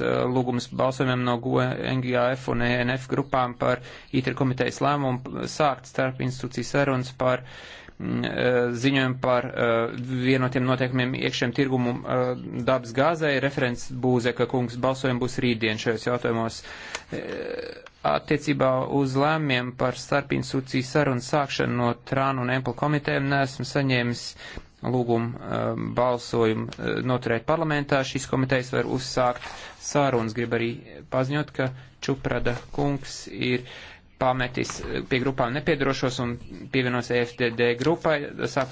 Eh, lūgums balsojumiem no GO, e, NGAF un ENF grupām par ITR komitejas lēmumu sākt starp institūcijas sarunas par uh, ziņojumu par uh, vienotiem noteikumiem iekšējiem tirgumu uh, dabas gāzai. Referents Būzeka kungs balsojumi būs rītdien šajos jautājumos. Uh, attiecībā uz lēmiem par starpinstitūciju sarunu sākšanu no Trānu un Empla komitēm neesmu saņēmis lūgumu um, balsojumu noturēt parlamentā. Šīs komitejas var uzsākt sarunas. Grib arī paziņot, ka Čuprada kungs ir pametīs pie grupām nepiedarošos un pievienos EFTD grupai. Sākot